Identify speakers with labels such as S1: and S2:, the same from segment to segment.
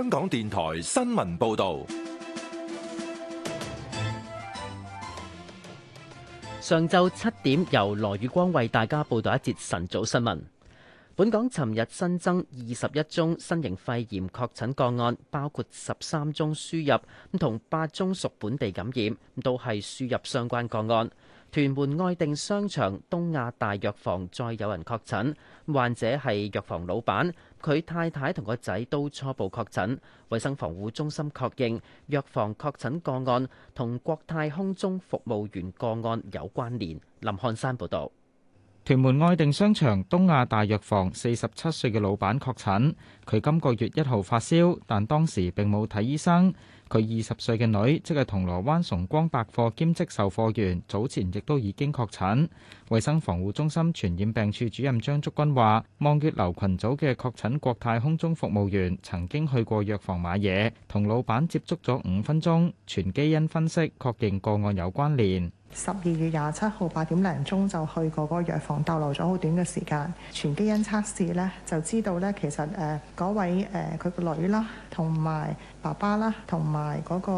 S1: 香港電
S2: 台新聞報道，上晝七點由羅宇光為大家報道一節晨早新聞。本港尋日新增二十一宗新型肺炎確診個案，包括十三宗輸入，同八宗屬本地感染，都係輸入相關個案。屯門愛定商場東亞大藥房再有人確診，患者係藥房老闆，佢太太同個仔都初步確診。衛生防護中心確認藥房確診個案同國泰空中服務員個案有關連。林漢山報導，
S3: 屯門愛定商場東亞大藥房四十七歲嘅老闆確診，佢今個月一號發燒，但當時並冇睇醫生。佢二十歲嘅女，即係銅鑼灣崇光百貨兼職售貨員，早前亦都已經確診。衛生防護中心傳染病處主任張竹君話，望月樓群組嘅確診國泰空中服務員曾經去過藥房買嘢，同老闆接觸咗五分鐘，全基因分析確認個案有關聯。
S1: 十二月廿七號八點零鐘就去過嗰個藥房逗留咗好短嘅時間，全基因測試呢就知道呢，其實誒嗰位誒佢個女啦，同埋爸爸啦，同埋嗰個誒、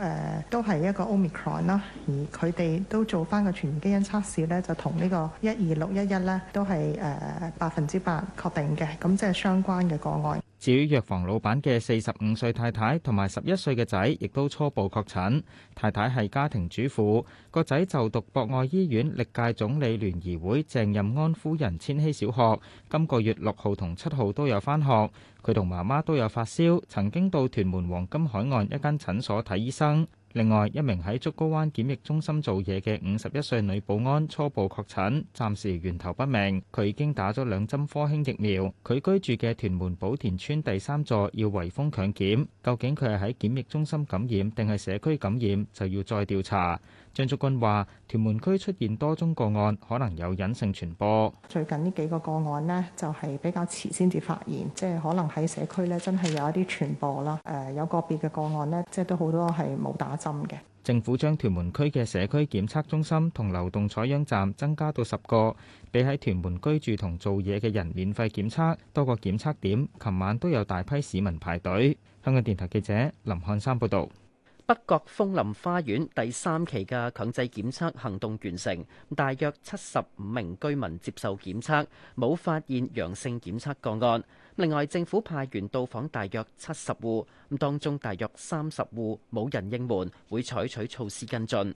S1: 呃、都係一個 omicron 啦，而佢哋都做翻個全基因測試呢。就同呢個一二六一一咧，都係誒百分之百確定嘅，咁即係相關嘅個
S3: 案。至於藥房老闆嘅四十五歲太太同埋十一歲嘅仔，亦都初步確診。太太係家庭主婦，個仔就讀博愛醫院歷屆總理聯誼會鄭任安夫人千禧小學。今個月六號同七號都有返學，佢同媽媽都有發燒，曾經到屯門黃金海岸一間診所睇醫生。另外，一名喺竹篙灣檢疫中心做嘢嘅五十一歲女保安初步確診，暫時源頭不明。佢已經打咗兩針科興疫苗。佢居住嘅屯門寶田村第三座要圍封強檢，究竟佢係喺檢疫中心感染定係社區感染，就要再調查。張竹君話，屯門區出現多宗個案，可能有隱性傳播。
S1: 最近呢幾個個案呢，就係比較遲先至發現，即係可能喺社區呢真係有一啲傳播啦。誒，有個別嘅個案呢，即係都好多係冇打針嘅。
S3: 政府將屯門區嘅社區檢測中心同流動採樣站增加到十個，畀喺屯門居住同做嘢嘅人免費檢測，多個檢測點。琴晚都有大批市民排隊。香港電台記者林漢山報導。
S2: 北角楓林花園第三期嘅強制檢測行動完成，大約七十五名居民接受檢測，冇發現陽性檢測個案。另外，政府派員到訪大約七十戶，咁當中大約三十戶冇人應門，會採取措施跟進。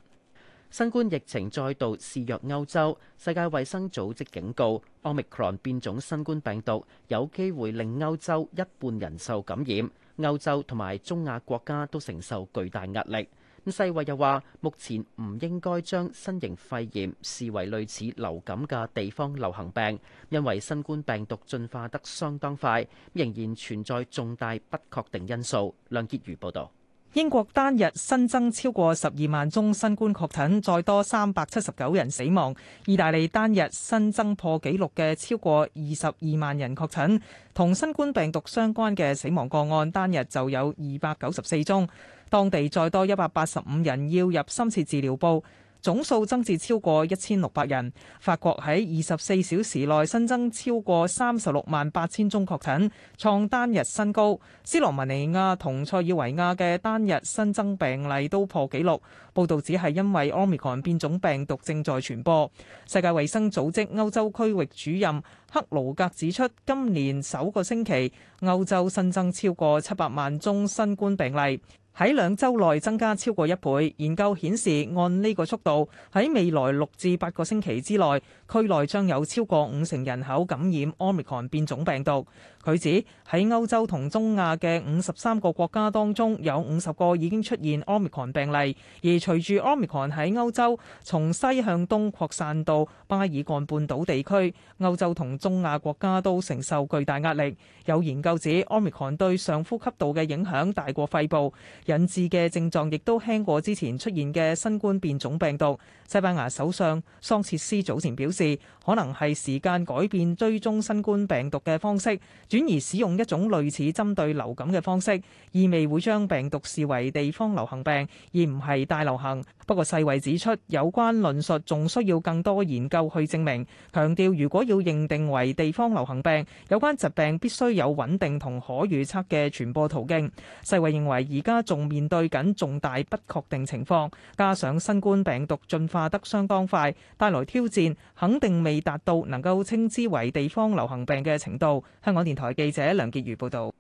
S2: 新冠疫情再度肆虐歐洲，世界衛生組織警告，omicron 變種新冠病毒有機會令歐洲一半人受感染，歐洲同埋中亞國家都承受巨大壓力。咁世衛又話，目前唔應該將新型肺炎視為類似流感嘅地方流行病，因為新冠病毒進化得相當快，仍然存在重大不確定因素。梁潔如報道。
S1: 英國單日新增超過十二萬宗新冠確診，再多三百七十九人死亡。意大利單日新增破紀錄嘅超過二十二萬人確診，同新冠病毒相關嘅死亡個案單日就有二百九十四宗。當地再多一百八十五人要入深切治療部。總數增至超過一千六百人。法國喺二十四小時內新增超過三十六萬八千宗確診，創單日新高。斯洛文尼亞同塞爾維亞嘅單日新增病例都破紀錄。報導指係因為 Omicron 變種病毒正在傳播。世界衛生組織歐洲區域主任克魯格指出，今年首個星期歐洲新增超過七百萬宗新冠病例。喺兩週內增加超過一倍。研究顯示，按呢個速度，喺未來六至八個星期之內，區內將有超過五成人口感染奧密克戎變種病毒。佢指喺歐洲同中亞嘅五十三個國家當中，有五十個已經出現奧密克戎病例，而隨住奧密克戎喺歐洲從西向東擴散到巴爾幹半島地區，歐洲同中亞國家都承受巨大壓力。有研究指，奧密克戎對上呼吸道嘅影響大過肺部。引致嘅症狀亦都輕過之前出現嘅新冠變種病毒。西班牙首相桑切斯早前表示，可能係時間改變追蹤新冠病毒嘅方式，轉而使用一種類似針對流感嘅方式，意味會將病毒視為地方流行病，而唔係大流行。不過世衞指出，有關論述仲需要更多研究去證明，強調如果要認定為地方流行病，有關疾病必須有穩定同可預測嘅傳播途徑。世衞認為，而家仲面對緊重大不確定情況，加上新冠病毒進化得相當快，帶來挑戰，肯定未達到能夠稱之為地方
S2: 流行病嘅程度。香港電台記者梁潔如報導，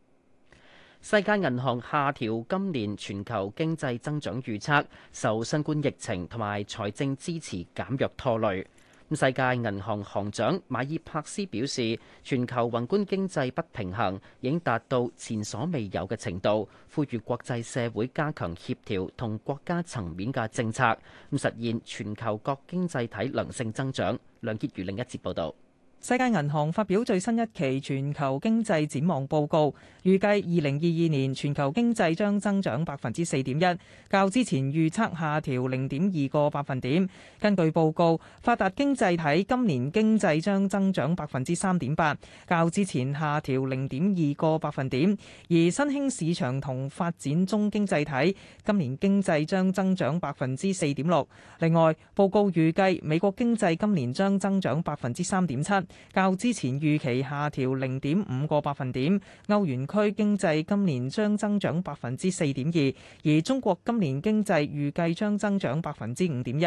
S2: 世界銀行下調今年全球經濟增長預測，受新冠疫情同埋財政支持減弱拖累。世界銀行行長馬爾帕斯表示，全球宏觀經濟不平衡已經達到前所未有嘅程度，呼籲國際社會加強協調同國家層面嘅政策，咁實現全球各經濟體良性增長。梁潔如另一節報導。世界銀行發
S1: 表最新一期全球經濟展望報告，預計二零二二年全球經濟將增長百分之四點一，較之前預測下調零點二個百分點。根據報告，發達經濟體今年經濟將增長百分之三點八，較之前下調零點二個百分點，而新興市場同發展中經濟體今年經濟將增長百分之四點六。另外，報告預計美國經濟今年將增長百分之三點七。較之前預期下調零點五個百分點，歐元區經濟今年將增長百分之四點二，而中國今年經濟預計將增長百分之五點一。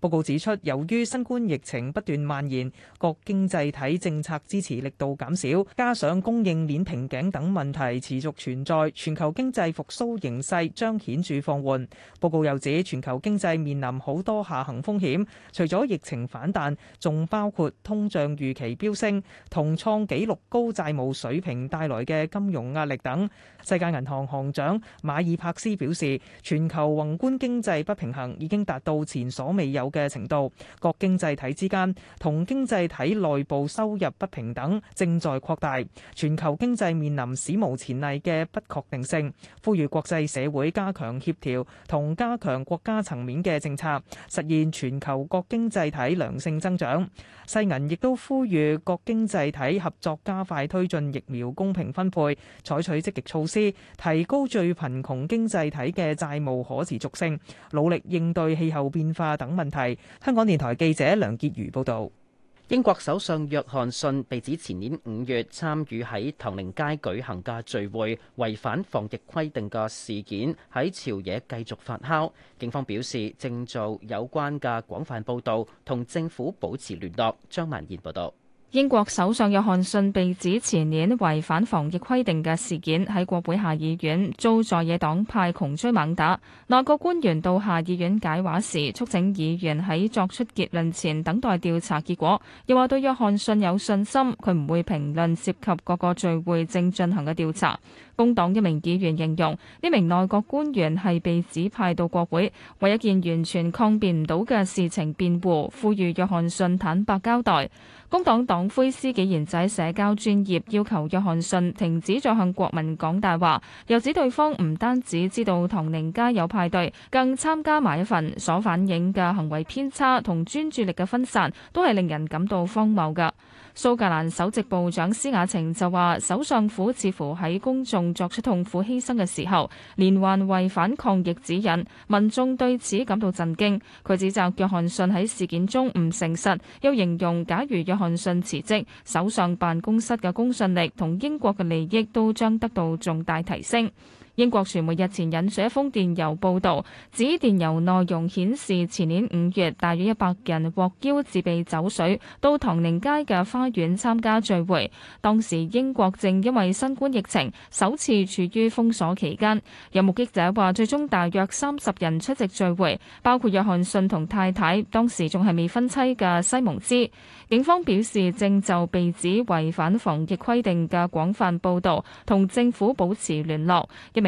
S1: 報告指出，由於新冠疫情不斷蔓延，各經濟體政策支持力度減少，加上供應鏈瓶頸等問題持續存在，全球經濟復甦形勢將顯著放緩。報告又指，全球經濟面臨好多下行風險，除咗疫情反彈，仲包括通脹預。其飆升、同創紀錄高債務水平帶來嘅金融壓力等。世界銀行行長馬爾帕斯表示，全球宏觀經濟不平衡已經達到前所未有嘅程度，各經濟體之間同經濟體內部收入不平等正在擴大，全球經濟面臨史無前例嘅不確定性。呼籲國際社會加強協調同加強國家層面嘅政策，實現全球各經濟體良性增長。世銀亦都呼。與各經濟體合作，加快推進疫苗公平分配，採取積極措施，提高最貧窮經濟體嘅債務可持續性，努力應對氣候變化等問
S2: 題。香港電台記者梁潔瑜報道。英國首相約翰遜被指前年五月參與喺唐寧街舉行嘅聚會，違反防疫規定嘅事件喺朝野繼續發酵。警方表示正做有關嘅廣泛報道，同政府保持聯絡。張曼燕報道。
S4: 英國首相約翰遜被指前年違反防疫規定嘅事件，喺國會下議院遭在野黨派窮追猛打。內閣官員到下議院解話時，促請議員喺作出結論前等待調查結果，又話對約翰遜有信心，佢唔會評論涉及各個聚會正進行嘅調查。工黨一名議員形容，呢名內閣官員係被指派到國會，為一件完全抗辯唔到嘅事情辯護，呼籲約翰遜坦白交代。工黨黨魁施紀賢在社交專頁要求約翰遜停止再向國民講大話，又指對方唔單止知道唐寧街有派對，更參加埋一份，所反映嘅行為偏差同專注力嘅分散都係令人感到荒謬嘅。蘇格蘭首席部長施雅晴就話：首相府似乎喺公眾作出痛苦犧牲嘅時候，連環違反抗疫指引，民眾對此感到震驚。佢指責約翰遜喺事件中唔誠實，又形容假如約翰遜辭職，首相辦公室嘅公信力同英國嘅利益都將得到重大提升。英國傳媒日前引述一封電郵報導，指電郵內容顯示前年五月，大約一百人獲邀自備酒水到唐寧街嘅花園參加聚會。當時英國正因為新冠疫情首次處於封鎖期間。有目擊者話，最終大約三十人出席聚會，包括約翰遜同太太，當時仲係未婚妻嘅西蒙斯。警方表示正就被指違反防疫規定嘅廣泛報導同政府保持聯絡。一名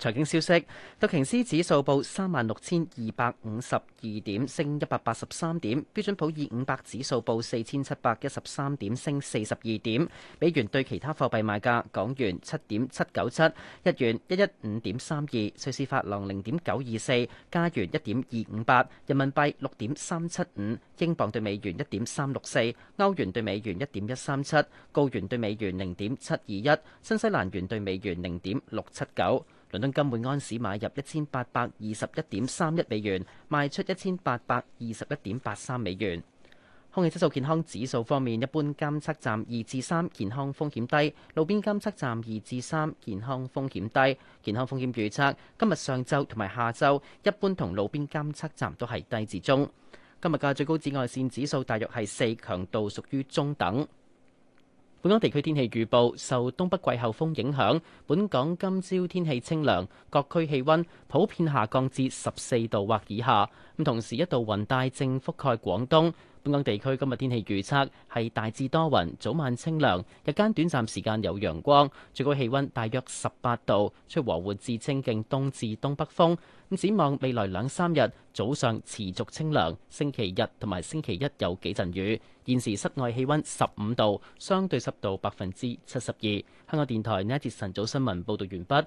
S2: 財經消息：道瓊斯指數報三萬六千二百五十二點，升一百八十三點；標準普爾五百指數報四千七百一十三點，升四十二點。美元對其他貨幣賣價：港元七點七九七，日元一一五點三二，瑞士法郎零點九二四，加元一點二五八，人民幣六點三七五，英鎊對美元一點三六四，歐元對美元一點一三七，澳元對美元零點七二一，新西蘭元對美元零點六七九。倫敦金每盎士買入一千八百二十一點三一美元，賣出一千八百二十一點八三美元。空氣質素健康指數方面，一般監測站二至三，健康風險低；路邊監測站二至三，健康風險低。健康風險預測，今日上晝同埋下晝，一般同路邊監測站都係低至中。今日嘅最高紫外線指數大約係四，強度屬於中等。本港地區天氣預報，受東北季候風影響，本港今朝天氣清涼，各區氣温普遍下降至十四度或以下。咁同時，一道雲帶正覆蓋廣東。本港地區今日天氣預測係大致多雲，早晚清涼，日間短暫時間有陽光，最高氣温大約十八度，吹和緩至清勁東至東北風。展望未來兩三日早上持續清涼，星期日同埋星期一有幾陣雨。現時室外氣温十五度，相對濕度百分之七十二。香港電台呢一節晨早新聞報道完畢。